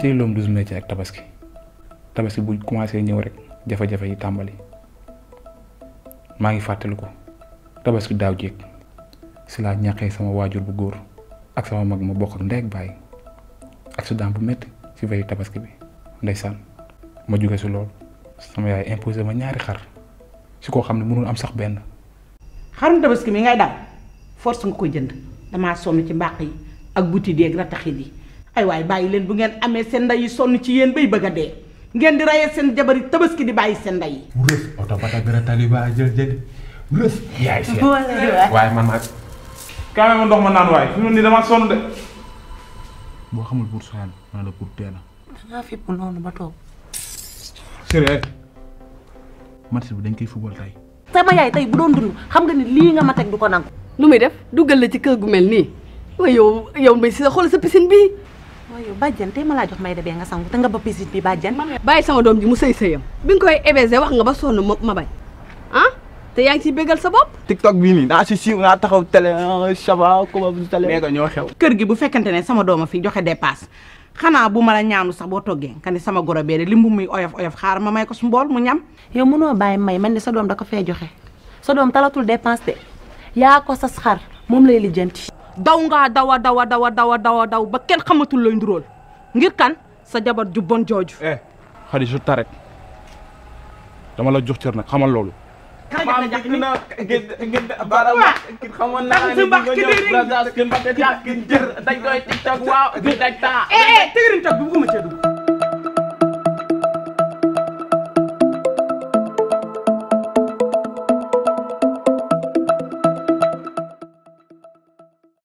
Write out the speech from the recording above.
ci loom douze ci ak tabaski tabaski bu commencé ñëw rek jafe-jafe yi tàmbali maa ngi ko tabaski daaw jéeg si laa sama waajur bu góor ak sama mag ma bokk ak ndey ak bàyyi accident bu métti si veille tabaski bi ndeysaan ma jóge si lool sama yaay imposé ma ñaari xar si koo xam ne mënul am sax benn. xarum tabaski mi ngay daw force nga koy jënd damaa sonn ci mbàq yi ak buti deeg rataxit yi ay way bàyyi len bu ngeen amé sen nday yi sonn ci yeen bay bëgga dé ngeen di rayé sen jabari tabaski di bàyyi sen nday reuf auto oto bata bira taliba jël jël reuf yaay sen way man nag kaame ma ndox ma nan way fi ni dama sonn dé bo xamul pour soxal ma la pour téna nga fi pour nonu ba toog sérieux match bi dañ koy football tay sama yaay tay bu doon dund xam nga ni li nga ma tek du ko nang lu muy def duggal la ci kër gu mel nii waaye yow may mbay si sa xool sa piscine bi waaw yow bàjjan ma laa jox may de bee nga sangu te nga ba pisit bi bàjjan. bàyyi sama doom ji mu sëy sëyam bi nga koy éveillé wax nga ba sonn ma ma bañ ah te yaa ngi ciy bégal sa bopp. tiktok bii nii naa si siiw naa taxaw télé ah, ça va comment vous allez. mais nga ñoo xew. kër gi bu fekkente ne sama doom a fi joxe dépasse xanaa bu ma la ñaanu sax boo toggee nga ne sama goro bee de limbu muy oyof oyof xaar ma may ko su mbool mu ñam. yow mënoo bàyyi may man ne sa doom da ko fee joxe sa doom talatul dépense de yaa ko sas xar moom lay lijjanti. daw ngaa daw a daw a daw daw daw ba kenn xamatul looy nduróol ngir kan sa jabar ju bon jooju. xadi eh, je t'arrête dama la jox na nag xamal loolu. maa ngi dégg naa ngeen baara wax xamoon naa ne nga ñëw eh, eh, ma cee